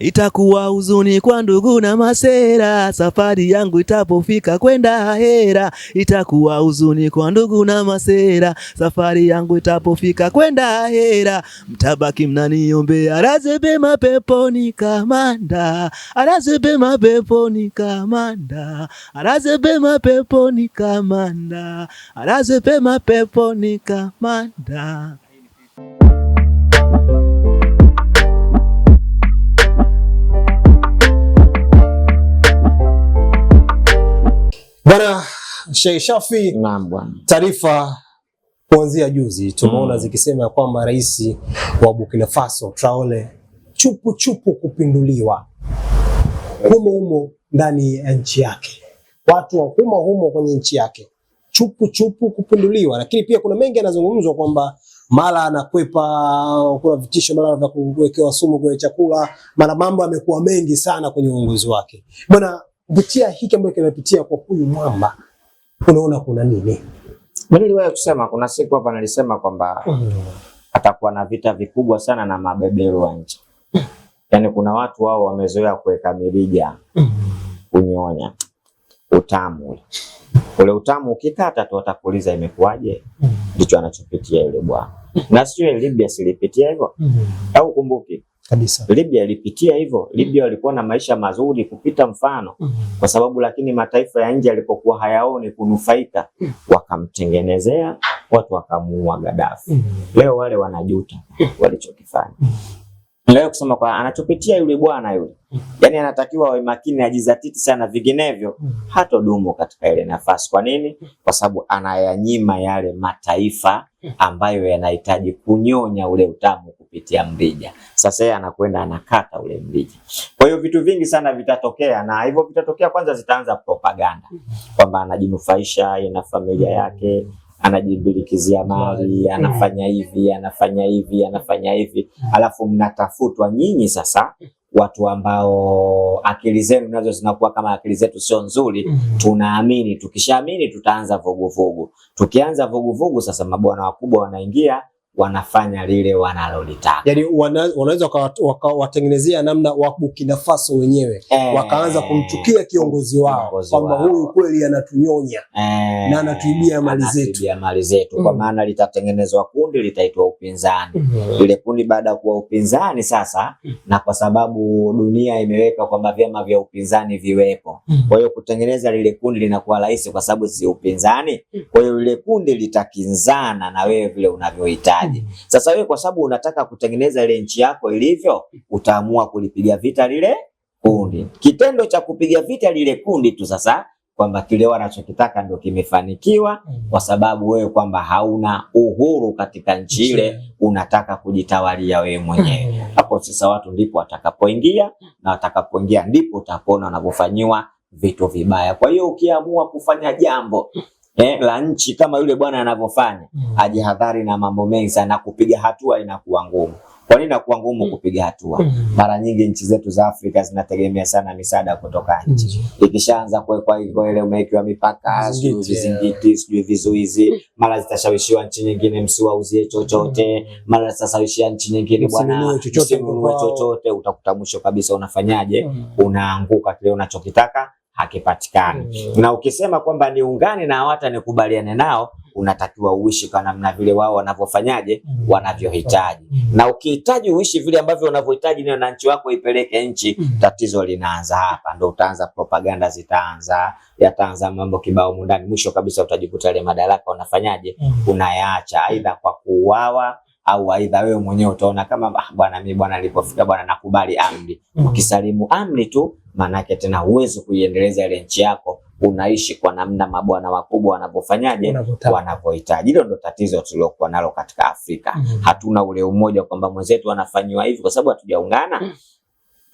Itakuwa huzuni kwa ndugu na masera, safari yangu itapofika kwenda hera. Itakuwa huzuni kwa ndugu na masera, safari yangu itapofika kwenda hera. Mtabaki mnaniombea, alaze pema peponi kamanda, arazebe mapeponi kamanda, arazebe mapeponi kamanda, arazebe mapeponi kamanda. Bwana Sheikh Shafi, naam bwana, taarifa kuanzia juzi tumeona mm. zikisema kwamba rais wa Burkina Faso Traore chupu chupu kupinduliwa humo humo ndani ya nchi yake, watu wa humo humo kwenye nchi yake chupu chupu kupinduliwa. Lakini pia kuna mengi yanazungumzwa kwamba mara anakwepa, kuna vitisho mara vya kuwekewa sumu kwenye chakula, mara mambo yamekuwa mengi sana kwenye uongozi wake bwana kupitia hiki ambacho kinapitia kwa huyu mwamba, unaona kuna nini? Mimi niliwahi kusema kuna siku hapa nilisema kwamba mm. atakuwa na vita vikubwa sana na mabeberu wa nje mm. Yaani kuna watu wao wamezoea kuweka mirija mm. kunyonya utamu ule ule utamu ukikata tu atakuuliza imekuwaje? Mm. Ndicho mm. anachopitia yule bwana mm. na sio Libya silipitia hivyo mm. au kumbuki kabisa. Libya ilipitia hivyo. Libya walikuwa na maisha mazuri kupita mfano mm -hmm. kwa sababu lakini mataifa ya nje yalipokuwa hayaoni kunufaika mm -hmm. wakamtengenezea watu wakamuua Gaddafi mm -hmm. leo wale wanajuta walichokifanya mm -hmm. leo kusema kwa anachopitia yule bwana yule yaani anatakiwa awe makini ajizatiti sana, vinginevyo mm. hatodumu katika ile nafasi. Kwa nini? Mm. Kwa sababu anayanyima yale mataifa ambayo yanahitaji kunyonya ule utamu kupitia mrija. Sasa yeye anakwenda anakata ule mrija. Kwa hiyo vitu vingi sana vitatokea, na hivyo vitatokea, kwanza zitaanza propaganda mm-hmm. kwamba anajinufaisha na familia yake, anajibilikizia mali, anafanya eh. hivi, anafanya hivi, anafanya hivi, mm-hmm. alafu mnatafutwa nyinyi sasa watu ambao akili zenu nazo zinakuwa kama akili zetu sio nzuri. Mm-hmm. Tunaamini, tukishaamini tutaanza vuguvugu. Tukianza vuguvugu, sasa mabwana wakubwa wanaingia, wanafanya lile wanalolitaka, yani wanaweza wakawatengenezea namna wa Burkina Faso wenyewe e, wakaanza kumchukia kiongozi wao kwamba huyu kweli anatunyonya e, na anatuibia mali zetu mali zetu mm. Kwa maana litatengenezwa kundi litaitwa upinzani mm -hmm. Lile kundi baada ya kuwa upinzani sasa mm -hmm. Na kwa sababu dunia imeweka kwamba vyama vya upinzani viwepo mm -hmm. Kwa hiyo kutengeneza lile kundi linakuwa rahisi kwa sababu si upinzani mm -hmm. Kwa hiyo lile kundi litakinzana na wewe vile unavyohitaji itafanyaje? Sasa wewe kwa sababu unataka kutengeneza ile nchi yako ilivyo, utaamua kulipiga vita lile kundi. Kitendo cha kupiga vita lile kundi tu sasa kwamba kile wanachokitaka ndio kimefanikiwa, kwa sababu wewe kwamba hauna uhuru katika nchi ile, unataka kujitawalia wewe mwenyewe. Hmm. Hapo sasa watu ndipo watakapoingia, na watakapoingia ndipo utapona wanavyofanyiwa vitu vibaya. Kwa hiyo ukiamua kufanya jambo eh, la nchi kama yule bwana anavyofanya, mm. ajihadhari na mambo mengi sana, kupiga hatua inakuwa ngumu. Kwa nini inakuwa ngumu mm. kupiga hatua? Mm. Mara nyingi nchi zetu za Afrika zinategemea sana misaada kutoka nje. Ikishaanza kuwekwa hivyo, ile umewekewa mipaka, sijui vizingiti, sijui vizuizi, mara zitashawishiwa nchi nyingine msiwauzie chochote, mm. mara zitashawishia nchi nyingine bwana msinunue chochote, utakuta mwisho kabisa unafanyaje? Unaanguka, kile unachokitaka hakipatikani. Na ukisema kwamba niungane na watu nikubaliane nao unatakiwa uishi kwa namna vile wao wanavyofanyaje, mm -hmm. wanavyohitaji mm -hmm. na ukihitaji uishi vile ambavyo unavyohitaji na wananchi wako ipeleke nchi mm -hmm. Tatizo linaanza hapa, ndio utaanza propaganda, zitaanza yataanza mambo kibao mundani, mwisho kabisa utajikuta ile madaraka unafanyaje, mm -hmm. unayaacha aidha kwa kuuawa au aidha wewe mwenyewe utaona kama ah, bwana, mimi bwana, nilipofika bwana, nakubali amri. Mm. Ukisalimu amri tu, maanake tena huwezi kuiendeleza ile nchi yako unaishi kwa namna mabwana wakubwa wanavyofanyaje wanavyohitaji. Hilo ndo tatizo tuliokuwa nalo katika Afrika. mm -hmm. Hatuna ule umoja kwamba mwenzetu anafanyiwa hivi kwa sababu hatujaungana. mm -hmm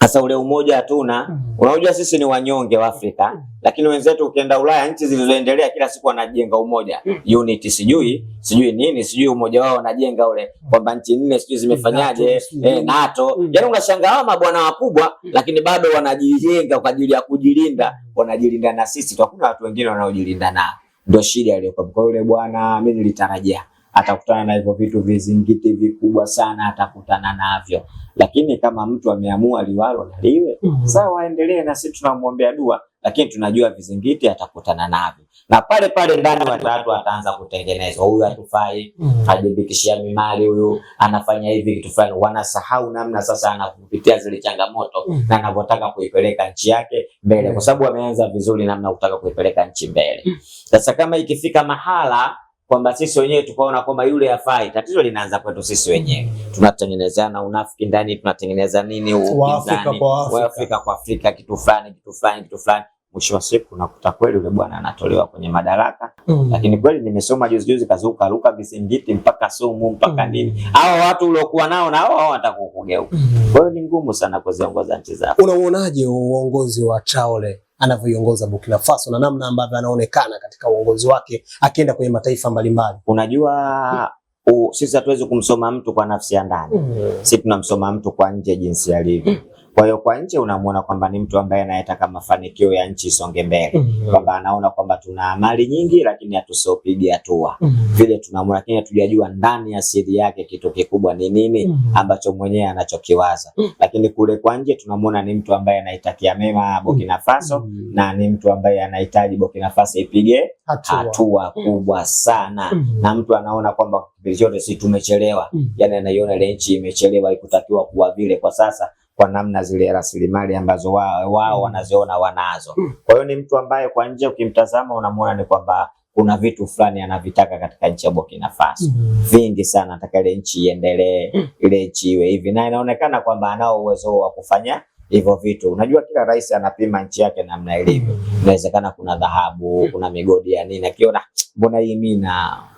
hasa ule umoja hatuna. Mm. Unajua sisi ni wanyonge wa Afrika, mm. lakini wenzetu ukienda Ulaya, nchi zilizoendelea kila siku wanajenga umoja, mm. unity, sijui sijui nini, sijui umoja wao wanajenga ule kwamba nchi nne sijui zimefanyaje eh, NATO. Yani unashangaa mabwana wakubwa, lakini bado wanajijenga kwa ajili ya kujilinda, wanajilinda na sisi tu, hakuna watu wengine wanaojilinda na Ndio shida iliyokuwa kwa yule bwana, mimi nilitarajia atakutana na hivyo vitu, vizingiti vikubwa sana atakutana navyo, lakini kama mtu ameamua liwalo na liwe mm -hmm. Sawa, aendelee na sisi tunamwombea dua, lakini tunajua vizingiti atakutana navyo, na pale pale ndani watu wataanza kutengenezwa, huyu hatufai mm -hmm. hajibikishia mimali, huyu anafanya hivi kitu fulani. Wanasahau namna sasa anakupitia zile changamoto mm -hmm. na anavyotaka kuipeleka nchi yake mbele, kwa mm-hmm. sababu ameanza vizuri namna kutaka kuipeleka nchi mbele. Mm-hmm. Sasa kama ikifika mahala kwamba sisi wenyewe tukaona kwamba yule hafai, tatizo linaanza kwetu sisi wenyewe. Tunatengenezana unafiki ndani, tunatengeneza nini upinzani wa Afrika kwa Afrika, kitu fulani kitu fulani kitu fulani mwisho wa siku unakuta kweli yule bwana anatolewa kwenye madaraka mm. Lakini kweli nimesoma juzi juzi kazuka ruka visingiti mpaka sumu mpaka mm. nini, hao watu uliokuwa nao na hao watakukugeuka. Mm. Kwa hiyo ni ngumu sana kuziongoza nchi zao. Unaonaje uongozi wa Chaole anavyoiongoza Burkina Faso na namna ambavyo anaonekana katika uongozi wake akienda kwenye mataifa mbalimbali. Unajua u, sisi hatuwezi kumsoma mtu kwa nafsi ya ndani mm. Sisi tunamsoma mtu kwa nje jinsi alivyo mm. Kwa hiyo kwa nje unamuona kwamba ni mtu ambaye anayetaka mafanikio ya nchi isonge mbele mm -hmm. Kwamba anaona kwamba tuna amali nyingi lakini hatusiopiga hatua mm vile tunamu, lakini hatujajua ndani ya siri yake kitu kikubwa ni nini mm -hmm. ambacho mwenyewe anachokiwaza mm -hmm. lakini kule kwa nje tunamuona ni mtu ambaye anaitakia mema Burkina mm. Faso mm -hmm. na ni mtu ambaye anahitaji Burkina Faso ipige hatua, mm. kubwa sana mm -hmm. na mtu anaona kwamba kipindi chote si tumechelewa mm -hmm. yani anaiona ile nchi imechelewa, ikutakiwa kuwa vile kwa sasa kwa namna zile rasilimali ambazo wao mm. wanaziona wanazo. Kwa hiyo ni mtu ambaye kwa nje ukimtazama unamwona ni kwamba kuna vitu fulani anavitaka katika nchi ya Burkina Faso mm -hmm. vingi sana, nataka ile nchi iendelee, mm. ile nchi iwe hivi, na inaonekana kwamba anao uwezo wa kufanya hivyo vitu. Unajua, kila rais anapima nchi yake namna ilivyo. Mm-hmm. Inawezekana kuna dhahabu, mm. kuna migodi ya nini, akiona mbona hii mimi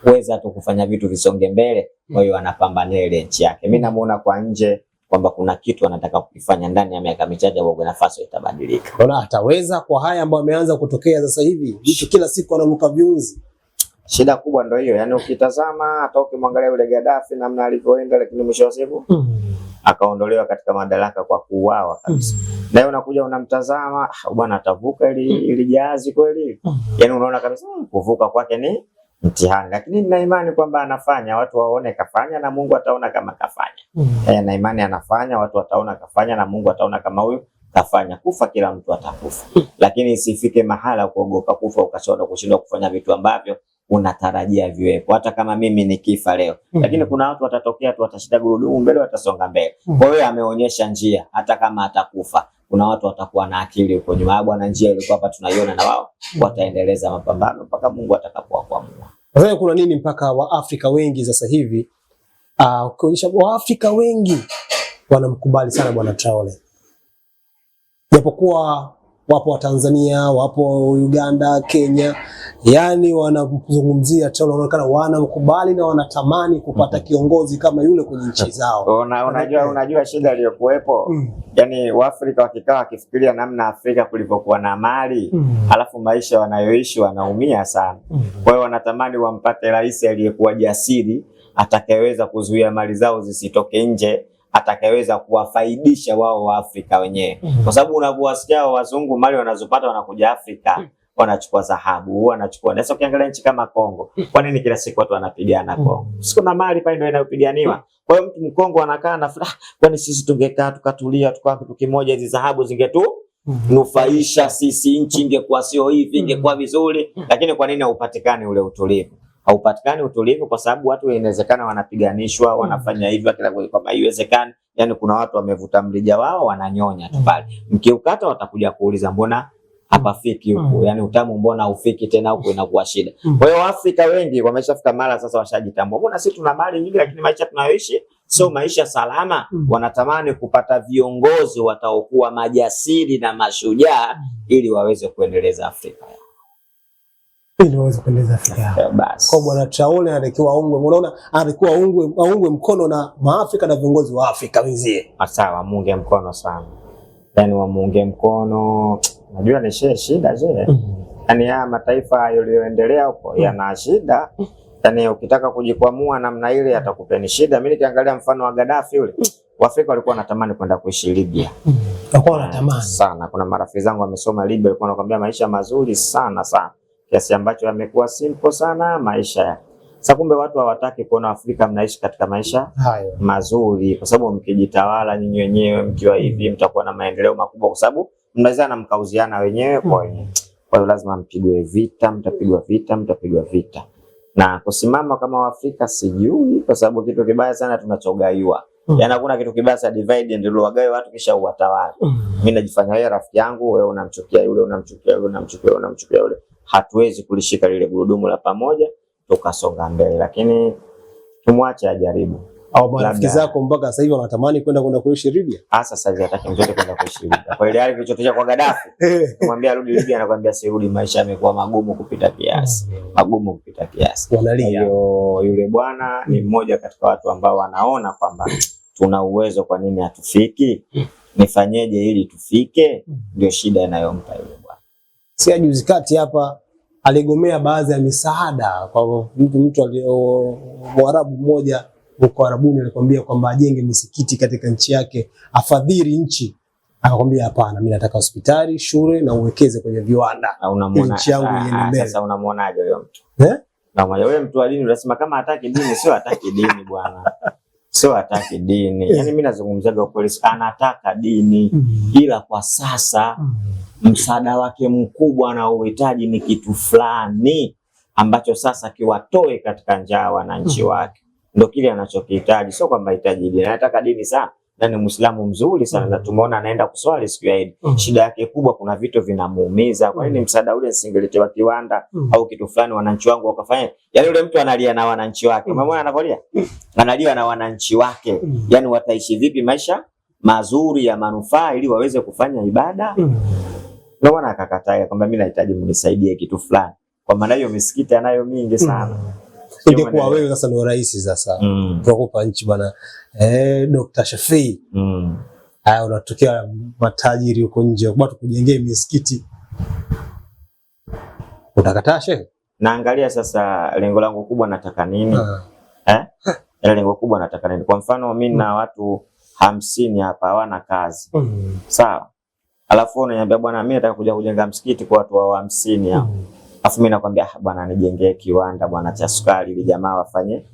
naweza tu kufanya vitu visonge mbele, mm. kwa hiyo anapambania ile nchi yake. Mimi namuona kwa nje kwamba kuna kitu anataka kukifanya ndani ya miaka michache, au Burkina Faso itabadilika. Ona ataweza kwa haya ambayo ameanza kutokea sasa hivi, mtu kila siku anavuka viunzi. Shida kubwa ndio hiyo, yaani ukitazama hata ukimwangalia yule Gaddafi namna alivyoenda, lakini mwisho wa siku mm. akaondolewa katika madaraka kwa kuuawa kabisa mm. na yeye unakuja unamtazama ah, bwana, atavuka ili ili jahazi kweli mm. yaani unaona kabisa hmm, kuvuka kwake ni mtihani, lakini nina imani kwamba anafanya, watu waone kafanya na Mungu ataona kama kafanya. Mm. E, eh, na imani anafanya, watu wataona kafanya na Mungu ataona kama huyu kafanya. Kufa kila mtu atakufa, hmm. lakini isifike mahala kuogopa kufa ukashona kushindwa kufanya vitu ambavyo unatarajia viwepo. Hata kama mimi nikifa leo mm -hmm. lakini kuna watu watatokea tu, watashinda gurudumu mbele, watasonga mbele. Hmm. Kwa hiyo ameonyesha njia, hata kama atakufa kuna watu watakuwa na akili huko nyuma. Ah, bwana, njia ilikuwa hapa, tunaiona na wao wataendeleza mapambano mpaka Mungu atakapowaamua. Sasa kuna nini mpaka Waafrika wengi sasa hivi ah, ukionyesha, uh, Waafrika wengi wanamkubali sana Bwana Traore japokuwa wapo Watanzania, wapo Uganda, Kenya, yani wanazungumzia tena, wanaonekana wanamkubali na wanatamani kupata mhm. kiongozi kama yule kwenye nchi zao. Una, unajua, eh. unajua shida iliyokuwepo mm. yani Waafrika wakikaa wakifikiria namna Afrika kulivyokuwa na mali mm. alafu maisha wanayoishi wanaumia sana mm. kwa hiyo wanatamani wampate rais aliyekuwa jasiri atakayeweza kuzuia mali zao zisitoke nje atakayeweza kuwafaidisha wao wa Afrika wenyewe mm -hmm. kwa sababu unavyowasikia wazungu mali wanazopata wanakuja Afrika mm -hmm wanachukua dhahabu, wanachukua naweza. Ukiangalia nchi kama Kongo, mm. kwa nini kila siku watu wanapigana mm. Kongo? Siku na mali pale ndio inayopiganiwa. Mm. Kwa hiyo mtu mkongo anakaa na furaha, kwani sisi tungekaa tukatulia tukawa kitu kimoja, hizi dhahabu zingetu mm-hmm. nufaisha sisi, nchi ingekuwa sio hivi, ingekuwa vizuri. Lakini kwa nini haupatikani ule utulivu? haupatikani utulivu, kwa sababu watu inawezekana wanapiganishwa, hmm. wanafanya hivyo kila kwa kama haiwezekani. Yani kuna watu wamevuta mrija wao wananyonya tu hmm. pale, mkiukata watakuja kuuliza mbona hapafiki huku mm. Yani utamu mbona ufiki tena huku, inakuwa shida. mm. Kwa hiyo Waafrika wengi wameshafika mara sasa, washajitambua, mbona sisi tuna mali nyingi, lakini maisha tunayoishi sio hmm. maisha salama. mm. Wanatamani kupata viongozi wataokuwa majasiri na mashujaa ili waweze kuendeleza Afrika ili waweze kuendeleza Afrika yao. Yeah, basi. Kwa Bwana Traore anatakiwa aungwe, unaona anatakiwa aungwe, aungwe mkono na maafrika na viongozi wa Afrika wenzie. Hasa wamuunge mkono sana. Yaani wamuunge mkono. Najua ni shida je. Mm. Yaani haya mataifa yaliyoendelea huko mm. yana shida. Yaani ukitaka kujikwamua namna ile atakupeni shida. Mimi nikiangalia mfano wa Gaddafi yule. Mm. Waafrika walikuwa wanatamani kwenda kuishi Libya. Walikuwa wanatamani sana. Kuna marafiki zangu wamesoma Libya walikuwa wanakuambia maisha mazuri sana sana kiasi ambacho yamekuwa simple sana maisha ya Sasa kumbe watu hawataki kuona Afrika mnaishi katika maisha hayo mazuri, kwa sababu mkijitawala nyinyi wenyewe mkiwa hmm. hivi mm. mtakuwa na maendeleo makubwa, kwa sababu mnaweza na mkauziana wenyewe kwa hmm. wenyewe. Kwa hiyo lazima mpigwe vita, mtapigwa vita, mtapigwa vita na kusimama kama Waafrika sijui, kwa sababu kitu kibaya sana tunachogaiwa Mm. Yaani hakuna kitu kibaya sana divide and rule, wagawe watu kisha uwatawale. Mm. Mimi najifanya wewe rafiki yangu, wewe unamchukia yule, unamchukia yule, unamchukia yule, unamchukia yule hatuwezi kulishika lile gurudumu la pamoja tukasonga mbele, lakini tumwache ajaribu. Au marafiki zako mpaka sasa hivi wanatamani kwenda kwenda kuishi Libya? Ah, sasa hivi hataki mtoto kwenda kuishi Libya. Kwa ile hali kilichotokea kwa Gaddafi, kumwambia rudi Libya, anakuambia sirudi, maisha yamekuwa magumu kupita kiasi. Mm. Magumu kupita kiasi. Wanalia. Yule bwana ni mm. mmoja katika watu ambao wanaona kwamba tuna uwezo, kwa nini hatufiki? Mm. Nifanyeje ili tufike? Ndio shida inayompa yeye. Sia juzi kati hapa aligomea baadhi ya misaada kwa mtu mtu Mwarabu mmoja huko Arabuni alikwambia kwamba ajenge misikiti katika nchi yake, afadhili nchi. Akakwambia hapana, mimi nataka hospitali, shule na uwekeze kwenye viwanda. Nchi yangu iende ah, ah, mbele. Sasa unamuonaje huyo mtu? Eh? Na wewe mtu alini unasema kama hataki dini, sio hataki dini bwana. Sio hataki dini. Eh. Yaani mimi nazungumzaga kwa kweli anataka dini mm. ila kwa sasa mm msaada wake mkubwa na uhitaji ni kitu fulani ambacho sasa kiwatoe katika njaa wananchi mm. wake, ndio kile anachokihitaji. Sio kwamba hitaji dini, anataka dini sana na ni Muislamu mzuri sana mm. na tumeona anaenda kuswali siku ya Idi. Mm. Shida yake kubwa, kuna vitu vinamuumiza. Kwa nini msaada ule singeletewa kiwanda au kitu fulani, wananchi wangu wakafanya? Yani yule mtu analia na wananchi wake, umeona anavolia, analia na wananchi wake, yani wataishi vipi maisha mazuri ya manufaa ili waweze kufanya ibada ndio maana akakataa kwamba mimi nahitaji mnisaidie kitu fulani. Kwa maana hiyo misikiti anayo mingi hmm. sana. Ingekuwa wewe sasa ndio rais sasa. Hmm. Tunakupa nchi bwana. Eh, Dr. Shafii. Mm. Haya unatokea matajiri huko nje kwa tukujengee misikiti. Utakataa shehe? Naangalia sasa lengo langu kubwa nataka nini? Ha. Eh? lengo kubwa nataka nini? Kwa mfano mimi na hmm. watu hamsini hapa hawana kazi. Mm. Sawa. Alafu unaniambia bwana, mimi nataka kuja kujenga msikiti kwa watu wa hamsini hapo. Mm. Alafu mimi nakwambia ah, bwana, nijengee kiwanda bwana cha sukari ili jamaa wafanye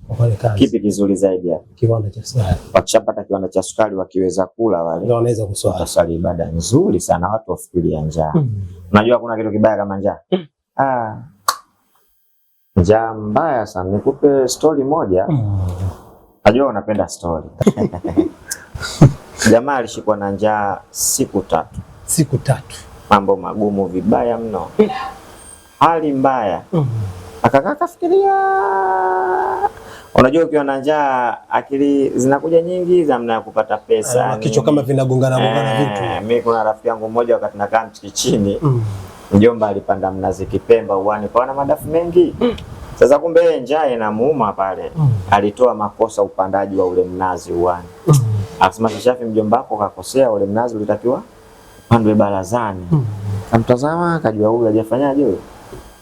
kipi kizuri zaidi ya Kiwanda cha sukari. Wakishapata kiwanda cha sukari wakiweza kula wale. Ndio wanaweza kuswali. Kuswali ibada nzuri sana watu wafikiria njaa. Mm. Unajua kuna kitu kibaya kama njaa. Mm. Ah. Njaa mbaya sana. Nikupe story moja. Najua unapenda story. Jamaa alishikwa na njaa siku tatu siku tatu. Mambo magumu vibaya mno, hali mbaya mm -hmm. Akakaa kafikiria. Unajua, ukiwa na njaa akili zinakuja nyingi za mna kupata pesa, eh, kichwa kama vinagongana gongana eh, vitu. Mimi kuna rafiki yangu mmoja, wakati nakaa Mchikichini mm -hmm. mjomba alipanda mnazi Kipemba uani, kwa na madafu mengi mm -hmm. Sasa kumbe yeye njaa inamuuma pale mm. Alitoa makosa upandaji wa ule mnazi uani mm. Akasema, Shafi, mjomba wako kakosea, ule mnazi ulitakiwa pande barazani mm. Kamtazama akajua huyu hajafanyaje huyo,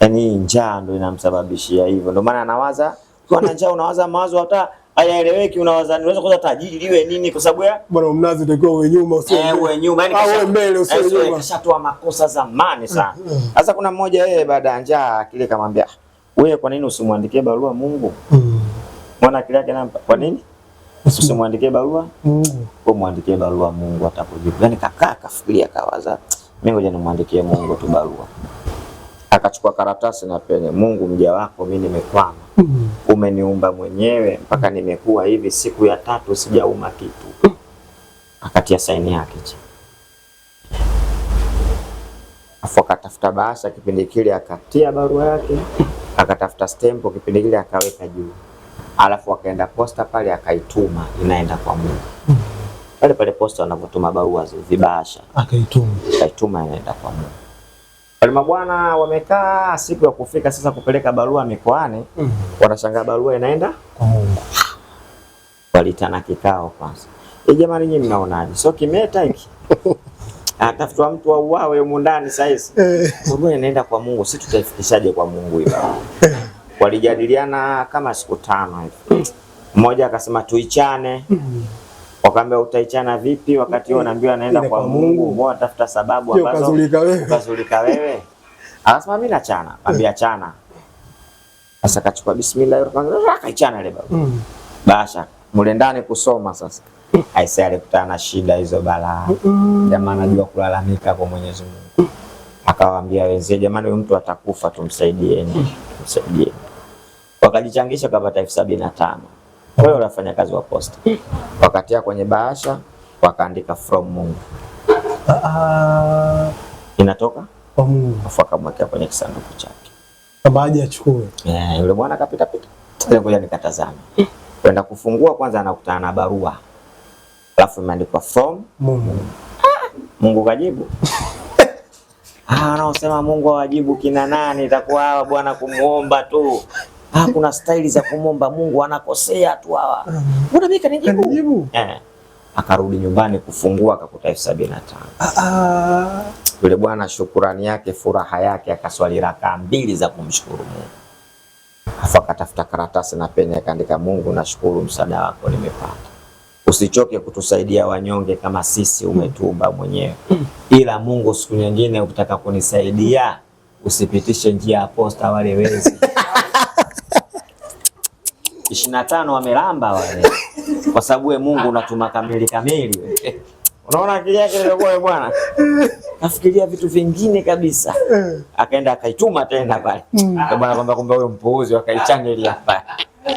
yaani njaa ndio inamsababishia hivyo, Ndio maana anawaza. kwa na njaa unawaza mawazo hata hayaeleweki, unawaza unaweza kuza tajiri liwe nini, kwa sababu ya bwana mnazi utakuwa wewe nyuma eh, yaani eh, sio eh, wewe nyuma, yani au mbele usio nyuma, kashatoa makosa zamani eh, sana. Sasa kuna mmoja yeye, baada ya njaa kile, kamwambia wewe, kwa nini usimwandikie barua Mungu? Hmm. Mwana kile yake nampa, kwa nini Usimwandikie barua Mungu, wewe muandikie barua Mungu atakujibu. Yani kaka akafikiria, kawaza mimi ngoja nimwandikie Mungu tu barua. Akachukua karatasi na peni, Mungu mja wako mimi nimekwama, mm. umeniumba mwenyewe mpaka nimekuwa hivi, siku ya tatu sijauma kitu. Akatia saini yake afu akatafuta bahasha kipindi kile akatia barua yake, akatafuta stempo kipindi kile akaweka juu alafu akaenda posta pale akaituma, inaenda kwa Mungu mm. pale pale posta wanavyotuma barua vibahasha, akaituma akaituma, inaenda kwa Mungu. Wale mabwana wamekaa siku ya kufika sasa kupeleka barua mikoani mm. wanashangaa barua inaenda kwa Mungu. Walitana kikao kwanza, e, jamani nyinyi mnaonaje? so kimeta hiki atafutwa mtu auawe humu ndani sasa hizi eh. barua inaenda kwa Mungu, si tutaifikishaje kwa Mungu hiyo walijadiliana kama siku tano hivi. Mmoja akasema tuichane, wakaambia utaichana vipi wakati wewe unaambiwa naenda kwa, kwa Mungu, mbona tafuta sababu ambazo kazulika wewe? Akasema mimi nachana, ambia chana. Sasa kachukua bismillahirrahmanirrahim, akaichana ile baba. Mm. Basha mule ndani kusoma sasa. Aisee alikutana na shida hizo balaa. Jamaa anajua kulalamika kwa Mwenyezi Mungu. Mm. Akawaambia wenzake, jamani, huyu mtu atakufa, tumsaidieni, tumsaidieni wakajichangisha ukapata elfu sabini na tano wewe unafanya kazi wa posta, wakatia kwenye bahasha wakaandika from Mungu ah, ah. inatoka kwa Mungu, afu akamwekea kwenye kisanduku chake kama aje achukue. Yeah, yule bwana kapita pita, ngoja nikatazame. Kwenda kufungua kwanza, anakutana na barua alafu imeandikwa from Mungu. Mungu kajibu ah, wanaosema Mungu awajibu kina nani? Itakuwa hawa bwana kumuomba tu ah, kuna staili za kumomba Mungu anakosea tu hawa. Ah. Mbona mimi kanijibu? Kanijibu. Eh. Akarudi nyumbani kufungua akakuta elfu sabini na tano. Ah, ah. Yule bwana shukurani yake furaha yake akaswali rakaa mbili za kumshukuru Mungu. Afu akatafuta karatasi na peni akaandika, Mungu nashukuru msaada wako nimepata. Usichoke kutusaidia wanyonge kama sisi, umetuumba mwenyewe. Ila Mungu, siku nyingine ukitaka kunisaidia usipitishe njia ya posta wale wezi ishirini na tano wamelamba wale, kwa sababu we Mungu unatuma kamili kamili. Unaona akili yake ilikuwa bwana nafikiria vitu vingine kabisa, akaenda akaituma tena pale bwana, kwamba kumbe huyo mpuuzi akaichangeli hapa.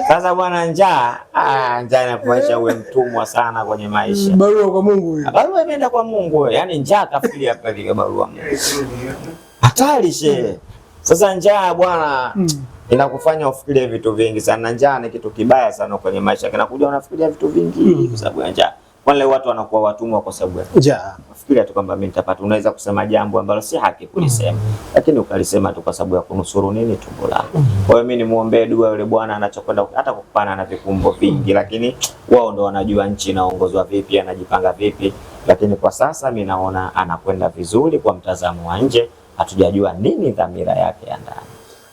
Sasa bwana, njaa ah, njaa inakuacha uwe mtumwa sana kwenye maisha. Mm, barua kwa Mungu hiyo, barua imeenda kwa Mungu, yani njaa kafikiria hapa, barua hatari shee. Sasa njaa bwana mm inakufanya ufikirie vitu vingi sana. Njaa ni kitu kibaya sana kwenye maisha, kinakuja unafikiria vitu vingi mm. kwa hmm. sababu ya njaa. Kwa leo watu wanakuwa watumwa kwa sababu ya njaa. Unafikiria tu kwamba mimi nitapata, unaweza kusema jambo ambalo si haki kulisema mm. lakini ukalisema tu kwa sababu ya kunusuru nini, tumbo lako mm. kwa hiyo mimi nimuombee dua yule bwana anachokwenda, hata kukupana na vikumbo vingi, mm. lakini wao ndo wanajua nchi inaongozwa vipi, anajipanga vipi, lakini kwa sasa mimi naona anakwenda vizuri kwa mtazamo wa nje, hatujajua nini dhamira yake ya ndani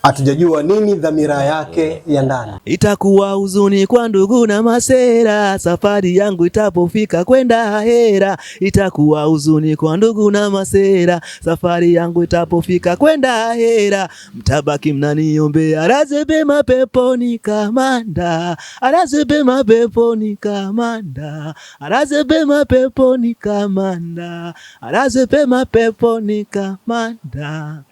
hatujajua nini dhamira yake ya ndani. Itakuwa huzuni kwa ndugu na masera, safari yangu itapofika kwenda hera. Itakuwa huzuni kwa ndugu na masera, safari yangu itapofika kwenda hera. Mtabaki mnaniombea, alaze pema peponi kamanda, alaze pema peponi kamanda, alaze pema peponi kamanda, alaze pema peponi kamanda.